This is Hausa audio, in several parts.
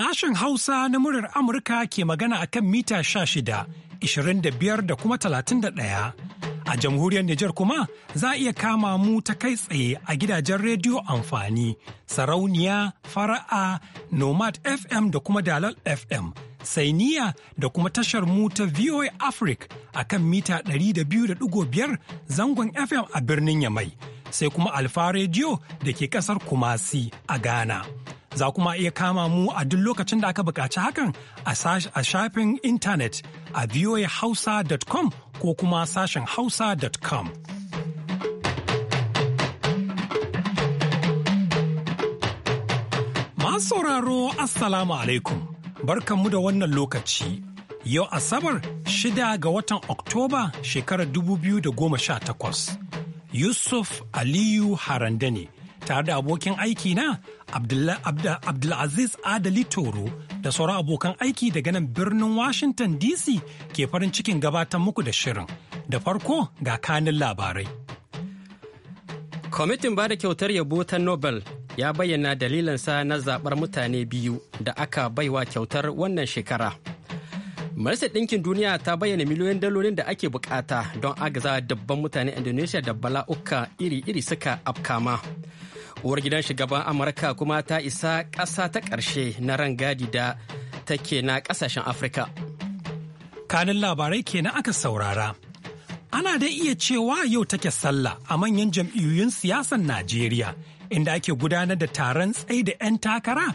Sashen Hausa na muryar Amurka ke magana a kan mita 16, ishirin da kuma ɗaya. A jamhuriyar Nijar kuma za a iya kama mu ta kai tsaye a gidajen rediyo amfani, sarauniya, fara'a, nomad FM da kuma dalal FM. Sainiya da kuma tashar mu ta VOA Africa a kan mita 200.5 zangon FM a birnin Yamai, sai kuma Alfa Rediyo da ke kasar Kumasi a Ghana. Za kuma iya kama mu a duk lokacin da aka buƙaci hakan a shafin intanet a voahausa.com ko kuma sashen hausa.com. Masu sauraro Assalamu alaikum, barkanmu da wannan lokaci. Yau Asabar shida ga watan Oktoba shekarar 2018. Yusuf Aliyu Harandane ne. tare da abokin aiki na Abdulaziz Adali Toro da sauran abokan aiki daga nan birnin Washington DC ke farin cikin gabatar muku da shirin. Da farko ga kanin labarai. Kwamitin ba da kyautar yabo ta Nobel ya bayyana dalilinsa na zaɓar mutane biyu da aka baiwa kyautar wannan shekara. Majalisar Ɗinkin Duniya ta bayyana miliyoyin dalolin da ake bukata don agaza dabban mutane Indonesia da bala'uka iri-iri suka afkama. Uwar gidan shugaban Amurka kuma ta isa ƙasa ta ƙarshe na rangadi da take na ƙasashen Afirka. Kanin labarai kenan aka saurara. Ana da iya cewa yau take sallah a manyan jam'iyyun siyasar Najeriya, inda ake gudanar da taron tsaye da 'yan takara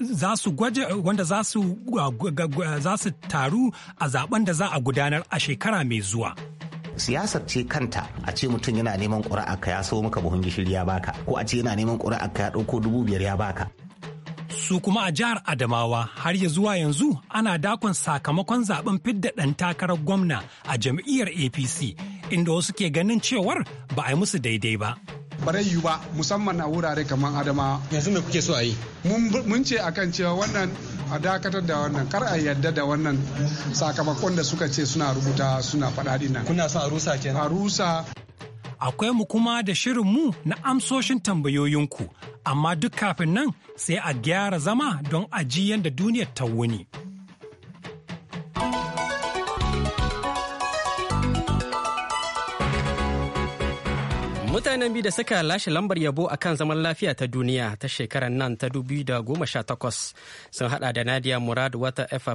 za su gwaje wanda za su taru a zaben da za a gudanar a shekara mai zuwa. siyasar ce kanta a ce mutum yana neman ƙuri'a ka ya so maka buhun gishiri ya baka ko a ce yana neman ƙuri'a ka ya ɗauko dubu biyar ya baka su kuma a jihar Adamawa har ya zuwa yanzu ana dakon sakamakon zaben fidda ɗan takarar gwamna a jam'iyyar APC inda wasu ke ganin cewar ba a yi musu daidai ba. ba rai yiwu ba musamman a wurare kamar adama yanzu me kuke so a yi mun ce akan cewa wannan a dakatar da wannan kar a yadda da wannan sakamakon da suka ce suna rubuta suna faɗaɗi nan kuna so a rusa kenan a rusa akwai mu kuma da shirin mu na amsoshin tambayoyinku amma duk kafin nan sai a gyara zama don aji yanda duniyar ta wuni. Mutanen biyu da suka lashe lambar yabo a kan zaman lafiya ta duniya ta shekarar nan ta goma sha takwas sun hada da Nadia Murad wata efa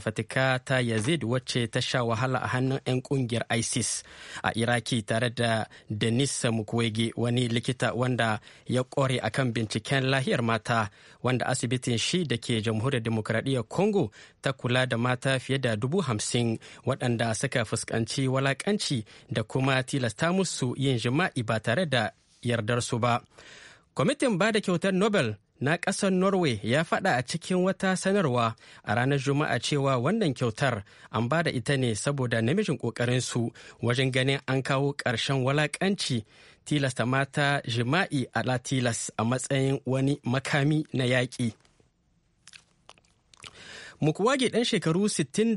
ta Yazid wacce ta sha wahala a hannun 'yan kungiyar ISIS a Iraki tare da Denis Mukwege wani likita wanda ya kore a kan binciken lahiyar mata wanda asibitin shi da ke jamhuriyar demokradiyyar Congo ta kula da mata fiye da dubu hamsin waɗanda suka fuskanci walakanci da kuma tilasta musu yin jima'i ba tare da yardarsu ba kwamitin ba da kyautar nobel na ƙasar norway ya faɗa a cikin wata sanarwa a ranar juma'a cewa wannan kyautar an ba da ita ne saboda namijin ƙoƙarinsu wajen ganin an kawo ƙarshen walaƙanci tilasta mata jima'i a latilas a matsayin wani makami na yaƙi mukwage ɗan shekaru 63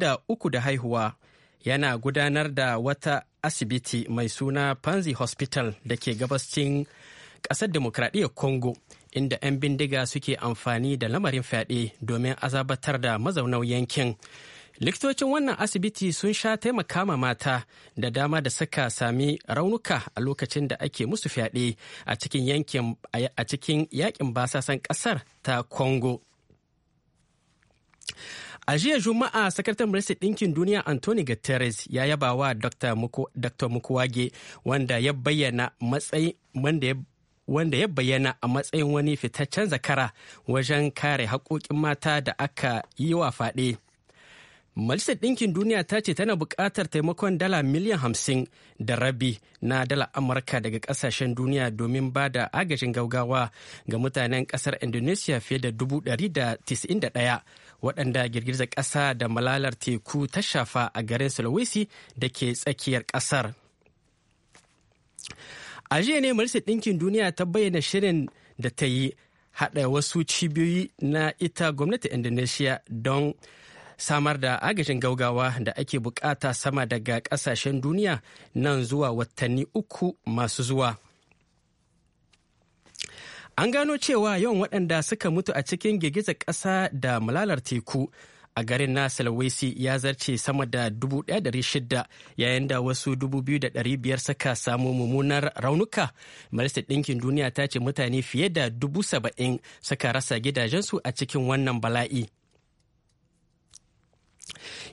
da haihuwa yana gudanar da wata asibiti mai suna Panzi Hospital da ke gabascin ƙasar demokradiyyar Congo inda 'yan bindiga suke amfani da lamarin fyaɗe domin azabatar da mazaunan yankin. Likitocin wannan asibiti sun sha taimaka ma mata da dama da suka sami raunuka a lokacin da ake musu fyaɗe a cikin yankin a cikin yakin basasan ƙasar ta Congo. A jiya Juma'a, Sakataren Majalisar Ɗinkin Duniya Anthony Guterres ya yaba wa Dr. Mukwage wanda ya bayyana matsayin wanda ya wanda ya bayyana a matsayin wani fitaccen zakara wajen kare haƙoƙin mata da aka yi wa faɗe. Majalisar Ɗinkin Duniya ta ce tana buƙatar taimakon dala miliyan hamsin da rabi na dala Amurka daga ƙasashen duniya domin ba da agajin gaugawa ga mutanen ƙasar Indonesia fiye da dubu ɗari da ɗaya. waɗanda girgizar ƙasa da malalar teku ta shafa a garin sulawesi da ke tsakiyar ƙasar a jiya ne majalisar ɗinkin duniya ta bayyana shirin da ta yi haɗa wasu cibiyoyi na ita gwamnati indonesia don samar da agajin gaugawa da ake bukata sama daga ƙasashen duniya nan zuwa watanni uku masu zuwa An gano cewa yawan waɗanda suka mutu a cikin girgizar ƙasa da malalar teku a garin na Sulawesi ya zarce sama da 1,600 yayin da wasu 2,500 suka samu mummunar raunuka. Majalisar Ɗinkin Duniya ta ce mutane fiye da 70,000 suka rasa gidajensu a cikin wannan bala'i.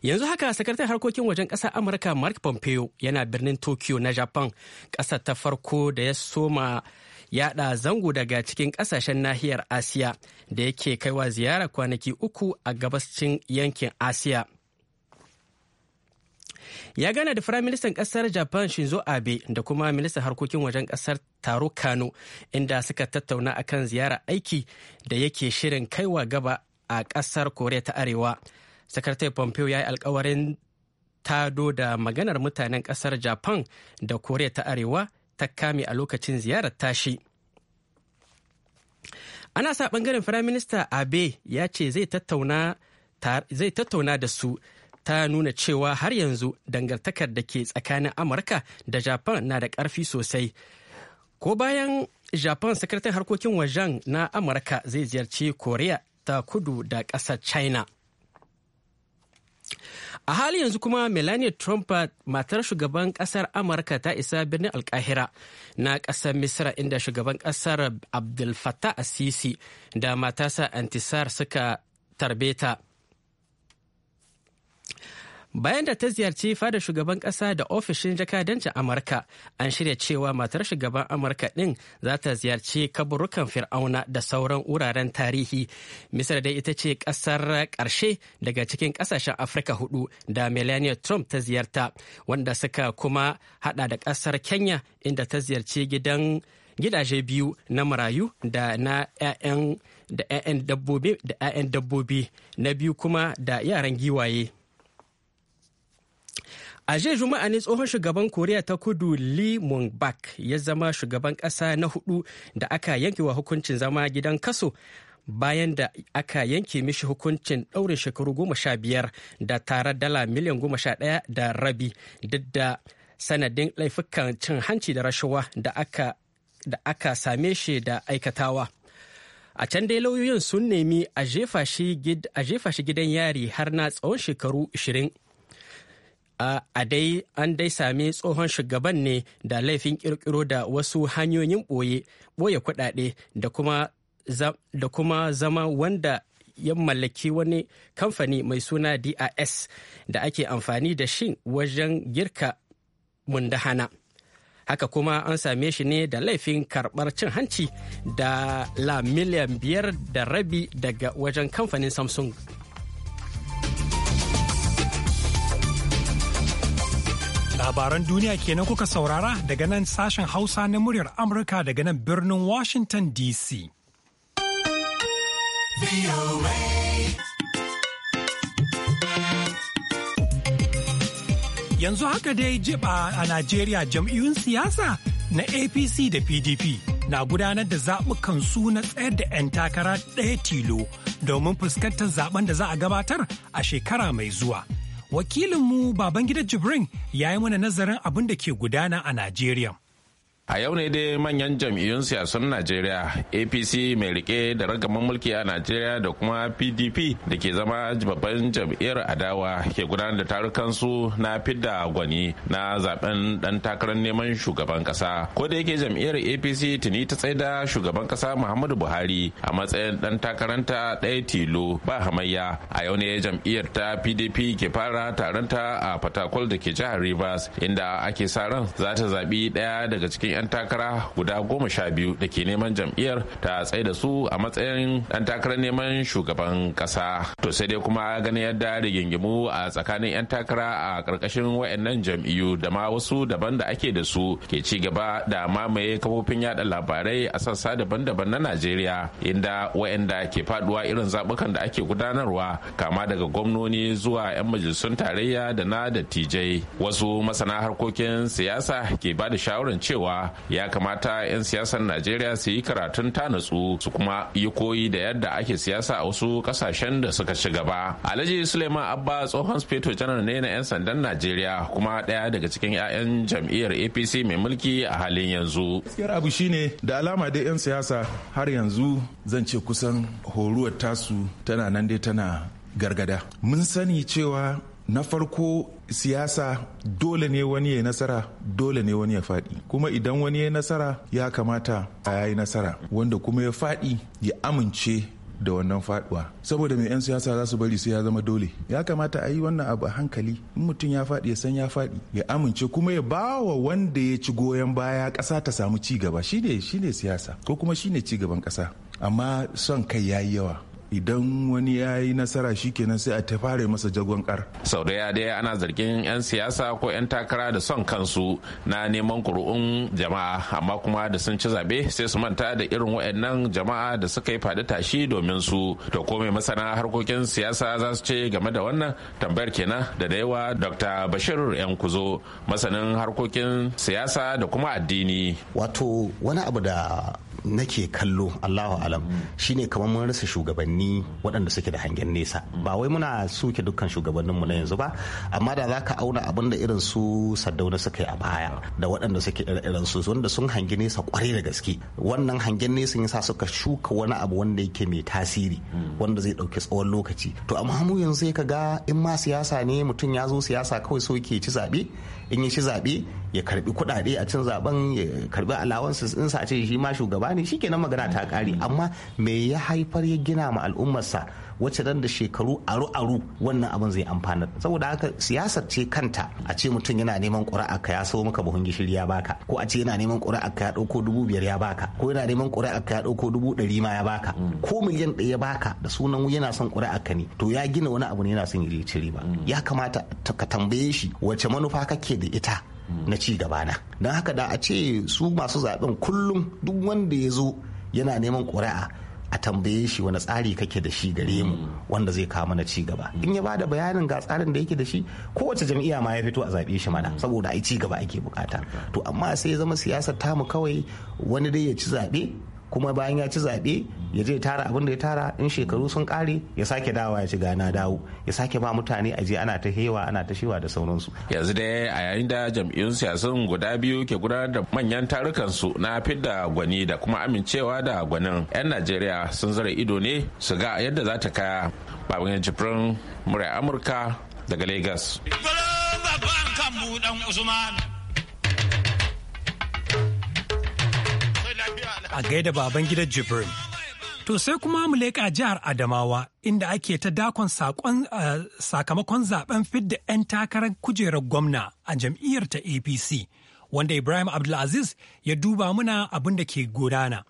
yanzu haka sakataren harkokin wajen ƙasa amurka mark pompeo yana birnin tokyo na japan ƙasa ta farko da ya soma yada zango daga cikin kasashen nahiyar asiya da yake kaiwa ziyara kwanaki uku a gabascin yankin asiya ya gana da ministan kasar japan shinzo abe da kuma ministan harkokin wajen kasar taro kano inda suka tattauna akan ziyara aiki da yake shirin kaiwa gaba a kasar korea ta arewa sakatare pompeo ya yi alkawarin tado da maganar mutanen kasar japan da korea ta arewa ta kame a lokacin ziyarar tashi ana sa ɓangaren firaminista abe ya ce zai tattauna da su ta nuna cewa har yanzu dangantakar da ke tsakanin amurka da japan na da ƙarfi sosai ko bayan japan sakataren harkokin wajen na amurka zai ziyarci korea ta kudu da ƙasar china A hali yanzu kuma Melania Trump matar shugaban kasar Amurka ta isa birnin Alkahira na kasar Misra inda shugaban kasar Abdul Fattah Asisi da matasa Antisar suka tarbe ta. bayan da ta ziyarci fada shugaban kasa da ofishin jakadancin amurka an shirya cewa matar shugaban amurka din za ta ziyarci kaburukan fir'auna da sauran wuraren tarihi misir dai ita ce kasar karshe daga cikin kasashen afirka hudu da melania trump ta ziyarta wanda suka kuma hada da kasar kenya inda ta ziyarci gidan gidaje biyu na marayu da na 'ya'yan dabbobi na biyu kuma da yaran giwaye. A jiya Juma'a ne tsohon shugaban Koriya ta kudu Lee Myung-bak ya zama shugaban ƙasa na hudu da aka yanke wa hukuncin zama gidan kaso bayan da aka yanke mishi hukuncin ɗaurin shekaru goma sha biyar da tara dala miliyan goma sha ɗaya da rabi duk da sanadin laifukan cin hanci da rashawa da aka, same shi da aikatawa. a can dai lauyoyin sun nemi a jefa shi gidan yari har na tsawon shekaru ashirin. a dai an dai sami tsohon shugaban ne da laifin kirkiro da wasu hanyoyin ɓoye ɓoye kuɗaɗe da kuma zama wanda ya mallaki wani kamfani mai suna DRS da ake amfani da shi wajen girka mundahana. Haka kuma an same shi ne da laifin karɓar cin hanci da la miliyan biyar da rabi daga wajen kamfanin Samsung. Labaran duniya kenan kuka saurara daga nan sashen Hausa na muryar Amurka daga nan birnin Washington DC. Yanzu haka dai jiba a Najeriya jam'iyyun siyasa na APC da PDP na gudanar da zaɓukan su na tsayar da 'yan takara ɗaya tilo domin fuskantar zaɓen da za a gabatar a shekara mai zuwa. wakilinmu Babangida Jibrin ya yi mana nazarin abin da ke gudana a Najeriya. a yau ne dai manyan jam'iyyun siyasar najeriya apc mai rike da ragaman mulki a najeriya da kuma pdp da ke zama babban jam'iyyar adawa ke gudanar da tarukansu na fidda gwani na zaben dan takarar neman shugaban kasa ko da yake jam'iyyar apc tuni ta tsaida shugaban kasa muhammadu buhari a matsayin dan takaranta ɗaya tilo ba hamayya a yau ne jam'iyyar ta pdp ke fara taronta a fatakwal da ke jihar rivers inda ake sa ran za ta zaɓi ɗaya daga cikin 'yan takara guda goma sha biyu da ke neman jam'iyyar ta tsaye da su a matsayin yan takarar neman shugaban kasa to sai dai kuma ganin yadda rigingimu a tsakanin 'yan takara a karkashin wayannan jam'iyyu da ma wasu daban da ake da su ke ci gaba da mamaye kafofin yada labarai a sassa daban-daban na najeriya inda wayanda ke faduwa irin zabukan da ake gudanarwa kama daga gwamnoni zuwa 'yan majalisun tarayya da na dattijai wasu masana harkokin siyasa ke ba da shawarar cewa ya kamata 'yan siyasar najeriya su yi karatun ta nutsu su kuma yi koyi da yadda ake siyasa a wasu kasashen da suka ci gaba alhaji suleiman abba tsohon speto janar ne na 'yan sandan najeriya kuma ɗaya daga cikin 'ya'yan jam'iyyar apc mai mulki a halin yanzu gaskiyar abu shine da alama dai 'yan siyasa har yanzu zan ce kusan horuwar tasu tana nan dai tana gargada mun sani cewa na farko siyasa dole ne wani ya nasara dole ne wani ya faɗi kuma idan wani ya nasara ya kamata a yayi nasara wanda kuma ya faɗi ya amince da wannan faduwa saboda mai 'yan siyasa za su bari sai ya zama dole ya kamata a yi wannan abu a hankali in mutum ya faɗi ya san ya faɗi ya amince kuma ya ba wa wanda ya ci goyon baya ƙasa ta samu ci gaba shine siyasa ko kuma shine ci gaban ƙasa amma son kai ya yi yawa idan wani ya yi nasara shi kenan sai a ta fara masa jagon kar. sau da ya dai ana zargin 'yan siyasa ko 'yan takara da son kansu na neman kuri'un jama'a amma kuma da sun ci zaɓe sai su manta da irin wa'annan jama'a da suka yi faɗi tashi domin su to ko mai masana harkokin siyasa za su ce game da wannan tambayar kenan da da yawa dr bashir yan kuzo masanin harkokin siyasa da kuma addini wato wani abu da nake kallo allahu alam shine kamar mun rasa shugabanni waɗanda suke da hangen nesa ba wai muna suke dukkan shugabanninmu na yanzu ba amma da za ka auna abin da irin su saddauna suka yi a baya da waɗanda suke irin su wanda sun hangi nesa kwarai da gaske wannan hangen nesa yasa suka shuka wani abu wanda yake mai tasiri wanda zai ɗauki tsawon lokaci to amma mu yanzu sai ka ga in ma siyasa ne mutum ya zo siyasa kawai so yake ci zaɓe in yi shi zaɓe ya karbi kuɗaɗe a cin zaɓen ya karbi alawansu in sa ce shi ma shugaba ne shi shikenan magana ta ƙare amma me ya haifar ya gina ma al'ummarsa wacce dan da shekaru aru-aru wannan abin zai amfana. saboda haka siyasar ce kanta a ce mutum yana neman ƙuri'a ka ya sau maka buhun gishiri ya baka ko a ce yana neman ƙuri'a ka ya ɗauko dubu biyar ya baka ko yana neman ƙuri'a ka ya ɗauko dubu ɗari ma ya baka ko miliyan ɗaya ya baka da sunan yana son ƙuri'a ka ne to ya gina wani abu ne yana son yi ci riba ya kamata ka tambaye shi wace manufa kake da ita na ci gaba na don haka da a ce su masu zaben kullum duk wanda ya zo yana neman ƙuri'a a tambaye shi wani tsari kake da shi gare mu wanda zai kawo mana ci gaba in ya bada bayanin ga tsarin da yake da shi kowace jam'iyya ma ya fito a zaɓe shi mana saboda ai ci gaba ake bukata to amma sai ya zama siyasar tamu kawai wani dai ya ci zaɓe kuma bayan ya ci zaɓe ya je tara abin da ya tara in shekaru sun kare ya sake dawa ya ci gana dawo ya sake ba mutane a je ana ta hewa ana ta shewa da sauransu yanzu dai a yayin da jam'iyyun siyasan guda biyu ke gudanar da manyan tarukan su na fidda gwani da kuma amincewa da gwanin yan najeriya sun zara ido ne su ga yadda za ta kaya yan jifirin murai amurka daga lagos Usman. a gaida baban gidan Jibrin. To sai kuma mu leƙa jihar Adamawa inda ake ta dakon eh, sakamakon zaben fidda 'yan takarar kujerar gwamna a jam'iyyar ta APC wanda Ibrahim Abdulaziz ya duba muna abin da ke gudana.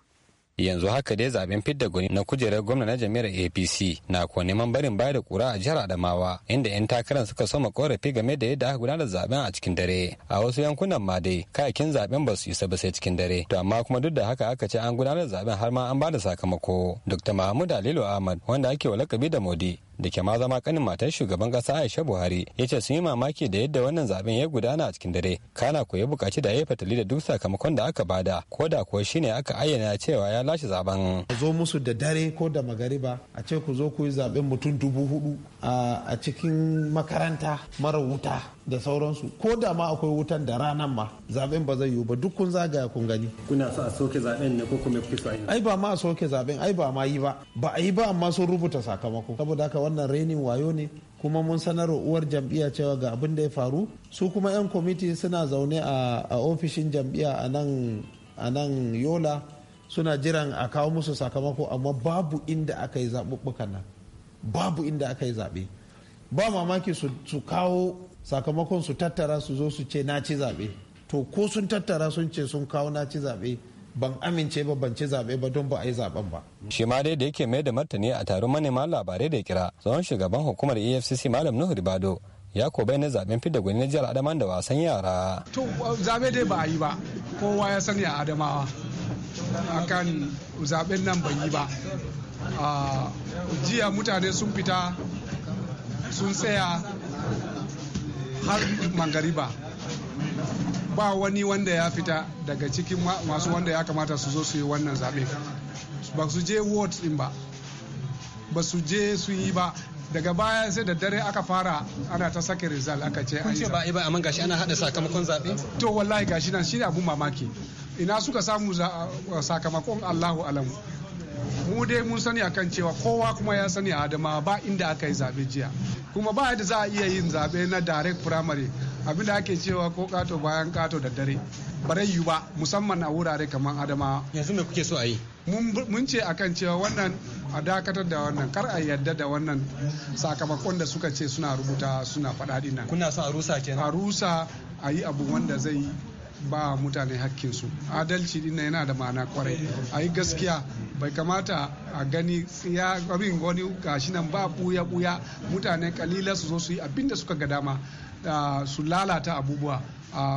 yanzu haka dai zaben fidda gwani na kujerar gwamna na jami'ar apc na ko neman barin baya da kura a jihar adamawa inda yan takarar suka soma korafi game da yadda aka gudanar zaben a cikin dare a wasu yankunan ma dai kayakin zaben ba su isa ba sai cikin dare to amma kuma duk da haka aka ce an gudanar zaben har ma an bada sakamako dr mahmud alilu ahmad wanda ake wa lakabi da modi da ke ma zama kanin matar shugaban kasa aisha buhari ya ce sun yi mamaki da yadda wannan zaben ya gudana a cikin dare kana ko ya bukaci da ya fatali da duk sakamakon da aka bada ko da kuwa shine aka ayyana cewa ya lashe zaben zo musu da dare ko da magariba a ce ku zo ku yi zaben mutum dubu hudu a cikin makaranta mara wuta da sauransu ko da ma akwai wutan da ranan ma zaben ba zai yiwu ba duk kun zagaya kun gani kuna so a soke zaben ne ko kuma kusa so ai ba ma a soke zaben ai ba ma yi ba ba a yi ba amma sun rubuta sakamako saboda haka wannan renin wayo ne kuma mun sanar uwar jam'iyya cewa ga abin da ya faru su kuma 'yan kwamiti suna zaune a ofishin jam'iyya a nan yola suna jiran a kawo musu sakamako amma babu inda aka yi zaɓuɓɓukan nan babu inda aka yi zaɓe ba mamaki su kawo sakamakon su tattara su zo su ce na ci zaɓe to ko sun tattara sun ce sun kawo na ci zaɓe ban amince ba ban ci zaɓe ba don ba a yi zaɓen ba. shi ma dai da yake mai da martani a taron manema labarai da kira tsohon shugaban hukumar efcc malam nuhu ribado ya ko bai na zaben fidda gwani na jihar adama da wasan yara. to zaɓe dai ba a yi ba kowa ya sani a adamawa akan zaɓen nan ban yi ba jiya mutane sun fita sun tsaya har mangariba ba wani wanda ya fita daga cikin masu wanda ya kamata su zo su yi wannan zaɓe ba su je ward din ba ba su je su yi ba daga baya sai da dare aka fara ana ta sake rizal aka ce an ce ba ba amma gashi ana hada sakamakon zaɓe to wallahi gashi nan ne abun mamaki ina suka samu sakamakon Allahu alamu mu dai mun sani akan cewa kowa kuma ya sani a adama ba inda aka yi zaɓe jiya kuma ba yadda za a iya yin zaɓe na direct primary abinda ake cewa ko kato bayan kato da dare barai yiwu ba musamman a wurare kamar adama yanzu me kuke so a yi mun ce akan cewa wannan a dakatar da wannan kar a yadda da wannan sakamakon da suka ce suna rubuta suna faɗa nan. kuna so a rusa kenan a rusa a yi abu wanda zai ba mutane hakkinsu adalci dinna yana da ma'ana kwarai a yi gaskiya bai kamata a gani ya abin wani gashi nan ba buya buya mutane kalila su zo su yi abin suka ga dama su lalata abubuwa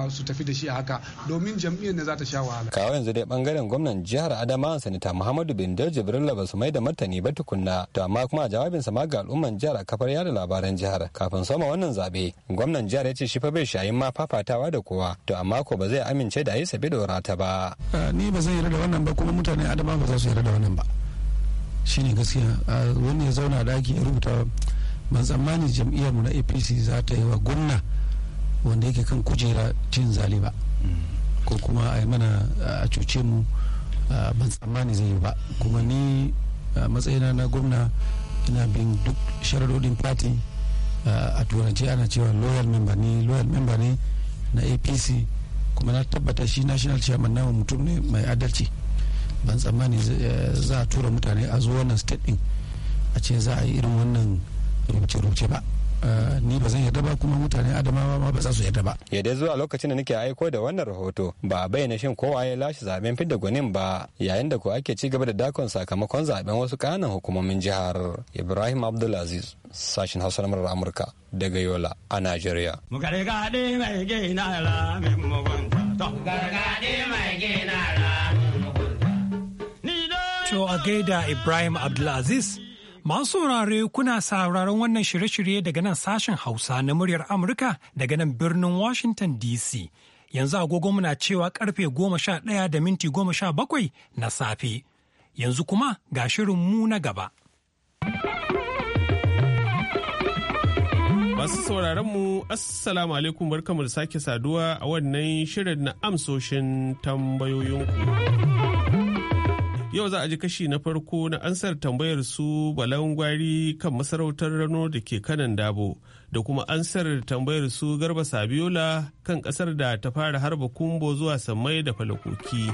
su tafi da shi a haka domin jam'iyyar ne za ta sha wahala. kawo yanzu dai bangaren gwamnan jihar adama sanita muhammadu bindar jibrila ba su mai da martani ba tukunna to amma kuma jawabinsa ma ga al'umman jihar a kafar yada labaran jihar kafin soma wannan zabe gwamnan jihar ya ce shi fa bai shayin ma fafatawa da kowa to amma ko ba zai amince da yi sabi da ta ba. Eh, ni ba zan yarda da wannan ba kuma mutane adama ba za su yarda da wannan ba shine gaskiya wani ya zauna daki ya rubuta ban tsammani jam'iyyar mu na apc za ta yi wa gwamna wanda yake kan kujera cin zali ba ko kuma a yi mana a cuce mu ban tsammani zai yi ba kuma ni matsayina na gwamna ina bin duk sharadodin fati a turance ana cewa loyal member ne loyal member ne na apc kuma na tabbata shi national chairman na mutum ne mai adalci ban tsammani eh, za a tura mutane a zo wannan state din a ce za a yi irin wannan rubuce-rubuce ba eh, ni ba zan yarda ba kuma mutane adamawa ma ba za su yarda ba. ya dai zuwa lokacin da nake aiko da wannan rahoto ba a bayyana shin kowa ya lashe zaben fidda gwanin ba yayin da ko ake ci gaba da dakon sakamakon zaben wasu kananan hukumomin jihar ibrahim abdulaziz sashen hausa na amurka daga yola a najeriya. to a gaida ibrahim abdulaziz Masu saurare kuna sauraron wannan shirye-shirye daga nan sashen Hausa na muryar Amurka daga nan birnin Washington DC. Yanzu agogo muna cewa karfe goma sha ɗaya da minti goma sha bakwai na safe. Yanzu kuma ga shirin mu na gaba. Masu sauraron mu Assalamu alaikum barkamu da sake saduwa a wannan shirin na amsoshin tambayoyinku. Yau za a ji kashi na farko na ansar tambayar su balangwari kan masarautar rano da ke kanan dabo da kuma ansar tambayar su garba sabiola kan kasar da ta fara harba kumbo zuwa sammai da falakoki.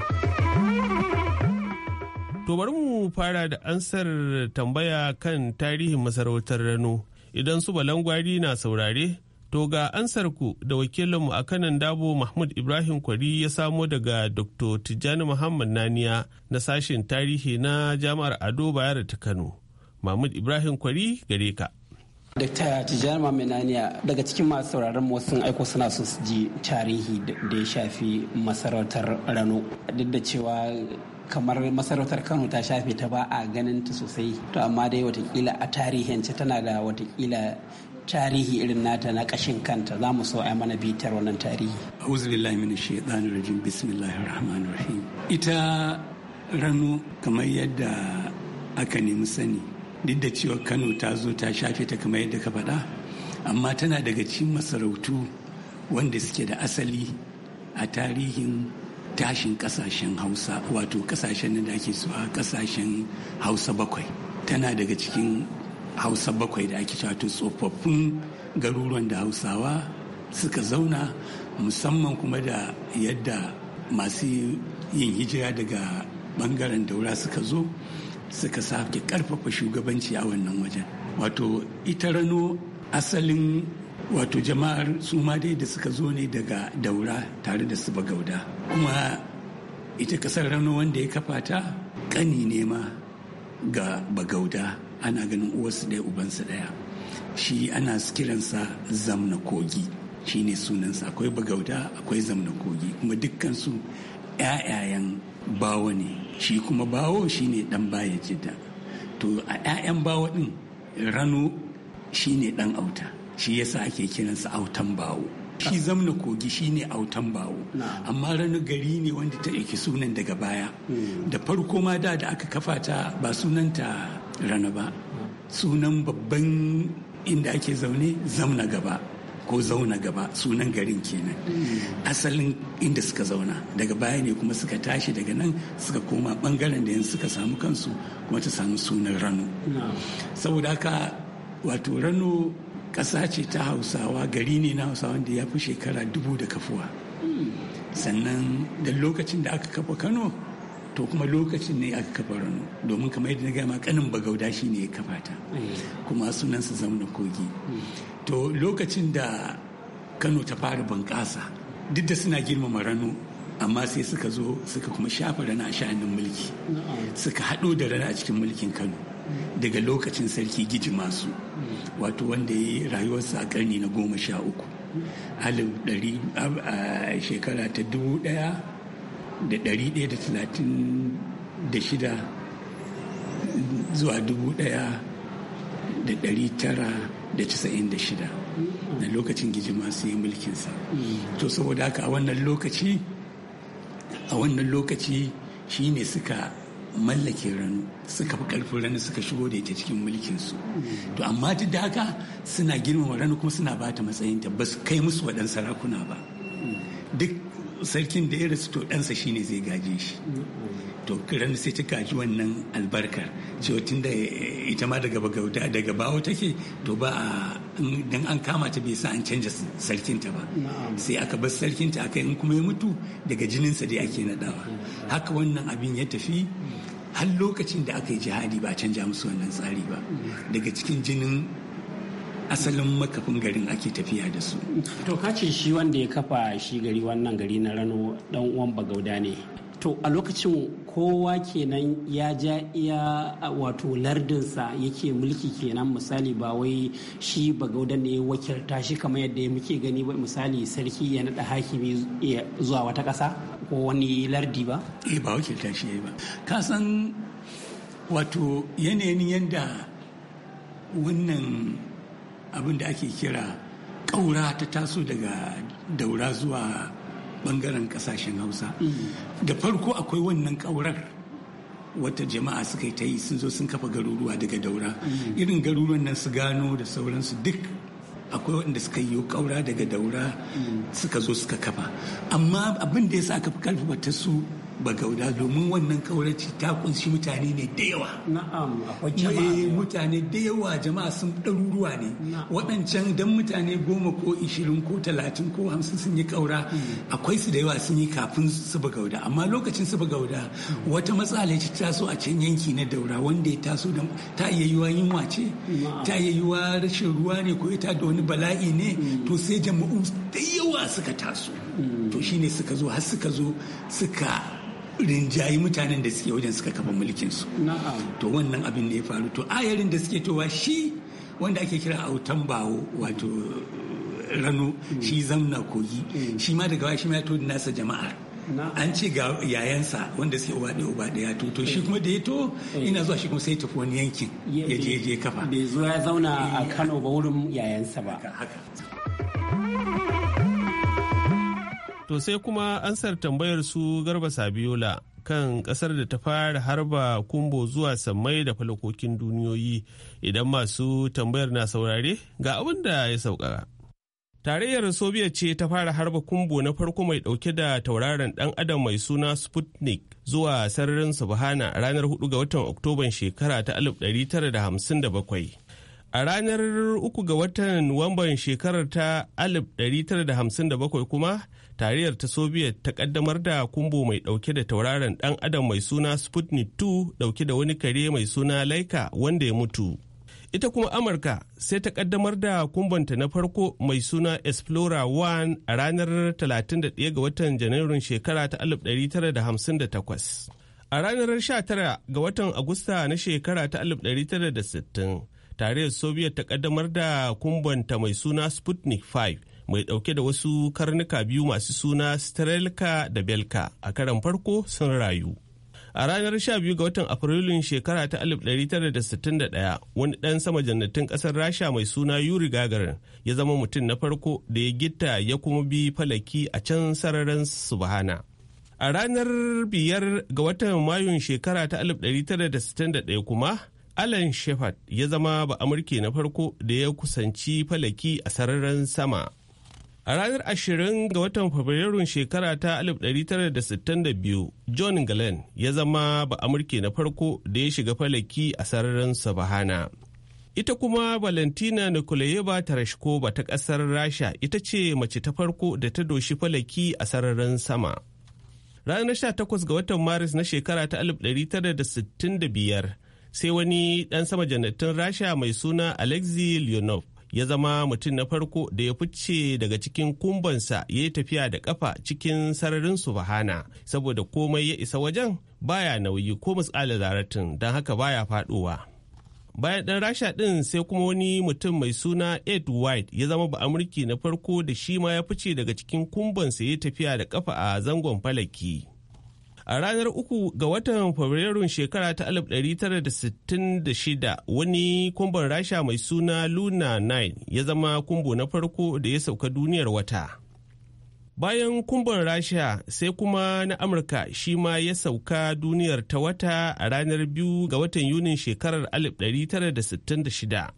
To bari mu fara da ansar tambaya kan tarihin masarautar rano idan su balangwari na saurare To ga ansarku da wakilinmu a kanan dabo Mahmud Ibrahim Kwari ya samo daga Dr. Tijjani Muhammad Naniya na sashen tarihi na Jami'ar Ado Bayar ta Kano. Mahmud Ibrahim Kwari gare ka. Dr. Tijjani Naniya daga cikin masu sauraron mu sun aiko suna so su ji tarihi da ya shafi masarautar Rano duk da cewa kamar masarautar Kano ta shafe ta ba a ganin ta sosai to amma dai watakila a tarihance tana da watakila tarihi irin nata na kashin kanta za mu so a mana bitar wannan tarihi a'udhu billahi minash shaitanir rajim bismillahir rahmanir rahim ita rano kamar yadda aka nemi sani duk da cewa Kano ta zo ta shafe ta kamar yadda ka faɗa amma tana daga cikin masarautu wanda suke da asali a tarihin tashin kasashen hausa wato kasashen da ake suwa kasashen hausa bakwai tana daga cikin hausa bakwai da ake cewa tsofaffin garuruwan da hausawa suka zauna musamman kuma da yadda masu yin hijira daga bangaren daura suka zo suka sake karfafa shugabanci a wannan wajen wato ita rano asalin wato jama'ar su ma dai da suka zo ne daga daura tare da su bagauda kuma ita kasar rano wanda ya kafa ta kani ne ma ga bagauda ana ganin uwarsa ɗaya ubansu ɗaya shi ana kiransa zamna kogi shi ne sunansa akwai bagauta akwai zamna kogi kuma dukkansu ‘ya'yayen bawo ne shi kuma bawo shi ne ɗan baya jidda to a ‘ya'yan bawa ɗin rano shi ne ɗan auta shi yasa ake kiransa autan bawo shi zamna kogi shi ne autan bawo amma rano gari ne wanda ta ɗauki sunan daga baya hmm. da farko ma da da aka kafa ta ba sunanta ranaba sunan babban inda ake zaune zauna gaba ko zauna gaba sunan garin kenan asalin inda suka zauna daga baya ne kuma suka tashi daga nan suka koma bangaren da yanzu suka samu kansu kuma ta samu sunan rano saboda haka wato rano ƙasa ce ta hausawa gari ne na hausawa da ya fi shekara dubu da kafuwa sannan da lokacin da aka kafa kano to kuma lokacin ne aka kafa rano domin kamar yadda na gama kanin bagauda shi ne ya kafa ta kuma sunansa zauna kogi to lokacin da kano ta fara bunƙasa duk da suna girmama rano amma sai suka zo suka kuma shafa rana a sha'anin mulki suka haɗo da rana a cikin mulkin kano daga lokacin sarki giji masu wato wanda ya yi rayuwarsa a karni na goma sha uku alif ɗari a shekara ta dubu ɗaya da ɗari ɗaya da talatin da shida zuwa dubu ɗaya da ɗari tara da casa'in da shida na lokacin gijima su yi mulkinsa mm. to saboda haka a wannan lokaci a wannan lokaci shi ne suka mallake ranu suka fi karfin ranu suka shigo da ita cikin mulkinsu mm. to amma duk da haka suna girmama ranu kuma suna bata matsayinta ba su kai musu waɗansa sarakuna ba mm. duk sarkin da ya rasu to ɗansa shine zai gaje shi to kiran sai ta kaji wannan albarkar cewa tun da eh, ita ma daga bagauta daga bawo take to ba dan an kama ta bai sa an canja sarkinta ba sai aka bar sarkinta aka in kuma ya mutu daga jininsa dai ake nadawa haka wannan abin ya tafi har lokacin da aka yi jihadi ba a canja musu wannan tsari ba daga cikin jinin asalin makafin garin ake tafiya da su. To kacin shi wanda ya kafa shi gari wannan gari na rano dan uwan bagauda ne. To a lokacin kowa kenan ya ja iya wato lardinsa yake mulki kenan misali ba wai shi bagauda ne wakilta shi kamar yadda muke gani ba misali sarki ya naɗa hakimi zuwa wata ƙasa ko wani lardi ba? Eh ba wakilta shi ba. Ka san wato yanayin yanda wannan abin da ake kira ƙaura ta taso daga daura zuwa bangaren ƙasashen hausa da farko akwai wannan ƙaurar wata jama'a suka ta yi sun zo sun kafa garuruwa daga daura irin garuruwan nan su gano da sauransu duk akwai wanda suka yi ƙaura daga daura suka zo suka kafa amma abin da ya sa aka fi ta su bagauda domin wannan kauraci ta kunshi mutane ne da eh, yawa mutane da yawa jama'a sun ɗaruruwa ne waɗancan dan mutane goma ko ishirin ko talatin ko hamsin sun yi kaura hmm. akwai su da yawa sun yi kafin su bagauda amma lokacin su bagauda hmm. wata matsala ce taso a can yanki na daura wanda ya taso da ta iya yiwa yunwa ce ta iya yiwa rashin ruwa ne ko ita da wani bala'i ne hmm. to sai jama'u da yawa suka taso to shine suka zo har suka zo suka rinjayi mutanen da suke wajen suka kafa mulkin su to wannan abin ne ya faru to ayarin da suke towa shi wanda ake kira autan bawo wato rano mm. shi zamna kogi mm. shi ma daga shi ma to nasa jama'a an ce ga yayansa wanda suke uba ɗaya uba ɗaya to to shi kuma da ya to mm. ina zuwa shi kuma sai tafi wani yankin ya je kafa bai zo ya zauna a eh. Kano ba wurin yayansa ba haka To sai kuma ansar tambayar su Garba Sabiola kan kasar da ta fara harba kumbo zuwa samai da falakokin duniyoyi idan masu tambayar na saurare ga abin da ya saukara. Tarayyar Soviet ce ta fara harba kumbo na farko mai dauke da tauraron dan adam mai suna Sputnik zuwa sararin Subhana a ranar 4 ga watan Oktoban shekara ta 1957. A ranar 3 ga watan Nuwamban shekarar ta 1957 kuma tarayyar ta soviet ta kaddamar da kumbo mai dauke da tauraron dan adam mai suna sputnik 2 dauke da wani kare mai suna laika wanda ya mutu ita kuma amurka sai ta kaddamar da kumbanta na farko mai suna explorer 1 a ranar 31 ga watan janairun shekara ta 1958 a ranar 19 ga watan agusta na shekara ta 1960 tarayyar soviet ta kaddamar da kumbanta mai suna sputnik mai dauke da wasu karnuka biyu masu suna strelka da belka a karan farko sun rayu a ranar 12 ga watan afrilun shekara ta 1961 wani ɗan sama jannatin ƙasar rasha mai suna yuri gagarin ya zama mutum na farko da ya gita ya kuma bi falaki a can sararin subhana a ranar biyar ga watan mayun shekara ta 1961 kuma alan shepard ya zama ba amurke na farko da ya kusanci falaki a sararin sama A ranar 20 ga watan Fabrairun shekara ta 1962, John Glenn ya zama ba Amurke na farko da ya shiga falaki a sararin Sabahana. Ita kuma Valentina Nikolayeva Tereshkova ta ƙasar Rasha ita ce mace ta farko da ta doshi falaki a sararin sama. Ranar 18 ga watan Maris na shekara ta 1965 sai wani ɗan sama jannatin Rasha mai suna Alexei Leonov ya zama mutum na farko da ya fice daga cikin kumbansa ya yi tafiya da ƙafa cikin sararin Subahana, saboda komai ya isa wajen baya nauyi ko misali zaratin don haka baya faduwa bayan ɗan rasha ɗin sai kuma wani mutum mai suna ed white ya zama ba amurki na farko da shi ma ya fice daga cikin kumbansa ya yi tafiya da ƙafa a zangon falaki A ranar uku ga watan Fabrairun shekara ta 1966 wani kumbar rasha mai suna Luna 9 ya zama kumbo na farko da ya sauka duniyar wata. Bayan kumbar rasha sai kuma na Amurka shi ma ya sauka duniyar ta wata a ranar biyu ga watan Yunin shekarar 1966.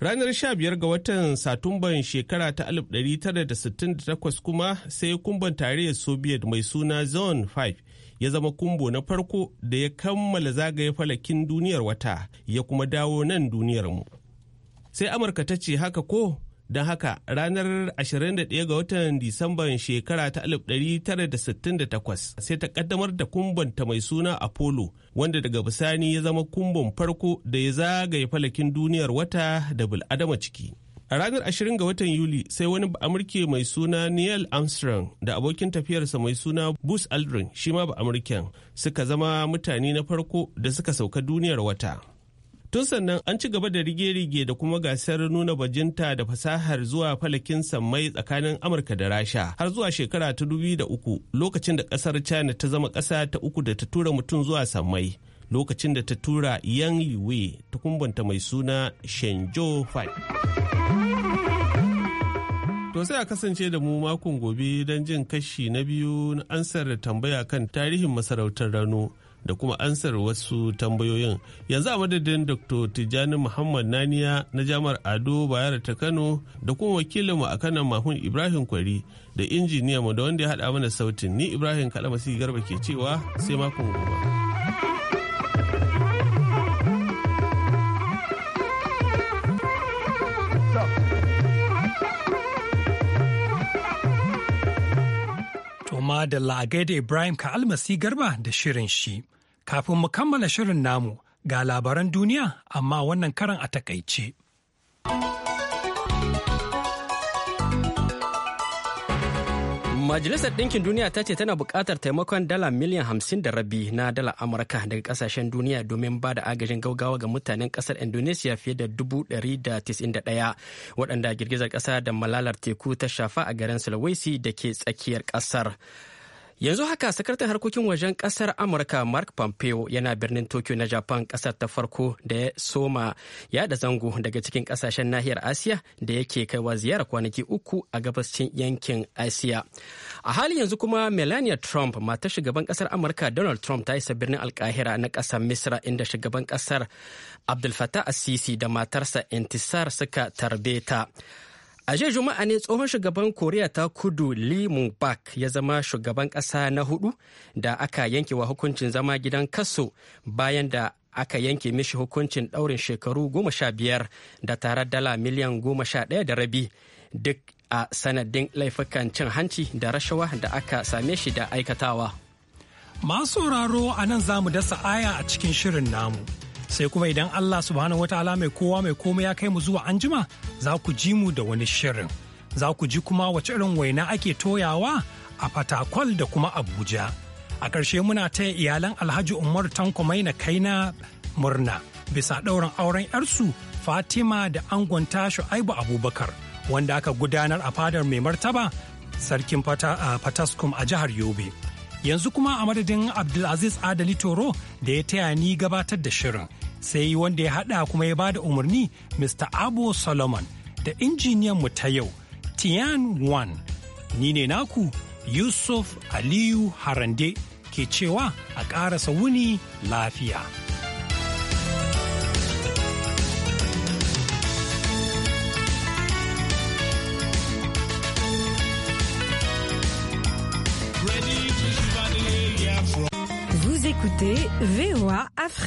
Ranar 15 ga watan Satumban shekara ta 1968 kuma sai kumban tarayyar Soviet mai suna Zone 5 ya zama kumbo na farko da ya kammala zagaye falakin duniyar wata ya kuma dawo nan duniyarmu sai amurka ta ce haka ko don haka ranar 21 ga watan disamban shekara ta 1968 sai ta kaddamar da kumbanta mai suna apollo wanda daga bisani ya zama kumbon farko da ya zagaye falakin duniyar wata da bil'adama ciki A ranar 20 ga watan Yuli sai wani Amurke mai suna Neil Armstrong da abokin tafiyarsa mai suna Buzz Aldrin shi ma Amurken suka zama mutane na farko da suka sauka duniyar wata. Tun sannan an ci gaba da rige-rige da kuma gasar nuna bajinta da fasahar zuwa falakin sammai tsakanin Amurka da Rasha har zuwa shekara ta dubi da uku lokacin da kasar China ta zama kasa ta uku da ta tura mutum zuwa sammai lokacin da ta tura Yang Liwei ta kumbanta mai suna Shenzhou 5. To sai a kasance da mu makon gobe don jin kashi na biyu na ansar da tambaya kan tarihin masarautar Rano da kuma ansar wasu tambayoyin. Yanzu a madadin Dr. Tijjani Muhammad Naniya na Jamar Ado Bayar ta Kano da kuma wakilinmu a Kano Mahun Ibrahim Kwari da injiniya mu da wanda ya haɗa mana sautin ni Ibrahim Kalamasi Garba ke cewa sai makon gobe. ma da la'agaida Ibrahim ka almasi garba da shirin shi. Kafin mu kammala shirin namu ga labaran duniya amma wannan karan a takaice. Majalisar Ɗinkin Duniya ta ce tana buƙatar taimakon dala miliyan hamsin da rabi na dala Amurka daga ƙasashen duniya domin ba da agajin gaugawa ga mutanen ƙasar Indonesia fiye da dubu ɗari da tisin da ɗaya waɗanda girgizar ƙasa da malalar teku ta shafa a garin Sulawesi da ke tsakiyar ƙasar. Yanzu haka sakataren harkokin wajen kasar Amurka Mark Pompeo yana birnin Tokyo na Japan kasar ta farko da ya soma yada zango daga cikin kasashen nahiyar Asiya da yake kaiwa ziyara kwanaki uku a gabascin yankin Asiya. A hali yanzu kuma Melania Trump matar shugaban kasar Amurka Donald Trump ta isa birnin Alkahira na kasar Misra inda shugaban kasar Abdul Fattah Assisi da matarsa Intisar suka tarbe ta. A jiya Juma'a ne tsohon shugaban Koriya ta kudu Lee Myung-bak ya zama shugaban ƙasa na hudu da aka yanke wa hukuncin zama gidan kaso bayan da aka yanke mishi hukuncin ɗaurin shekaru goma sha biyar da tare dala miliyan goma sha ɗaya da rabi duk a sanadin laifukan cin hanci da rashawa da aka same shi da aikatawa. Masu sauraro a nan za mu dasa aya a cikin shirin namu. sai kuma idan Allah subhanahu wataala mai kowa mai komai ya kai mu zuwa anjima za ku ji mu da wani shirin za ku ji kuma wace irin waina ake toyawa a fatakwal da kuma abuja a ƙarshe muna taya iyalan alhaji umar tanko maina na murna bisa ɗaurin auren yarsu fatima da angon angonta shu'aibu abubakar wanda aka gudanar a fadar mai martaba sarkin fataskum a jihar yobe yanzu kuma a madadin abdulaziz adali toro da ya taya ni gabatar da shirin sai wanda ya hada kuma ya bada umarni Mr. Abu Solomon da injiniyan mu ta yau Tian Wan. Ni ne naku Yusuf Aliyu Harande ke cewa a ƙarasa wuni lafiya. écoutez VOA Afrique.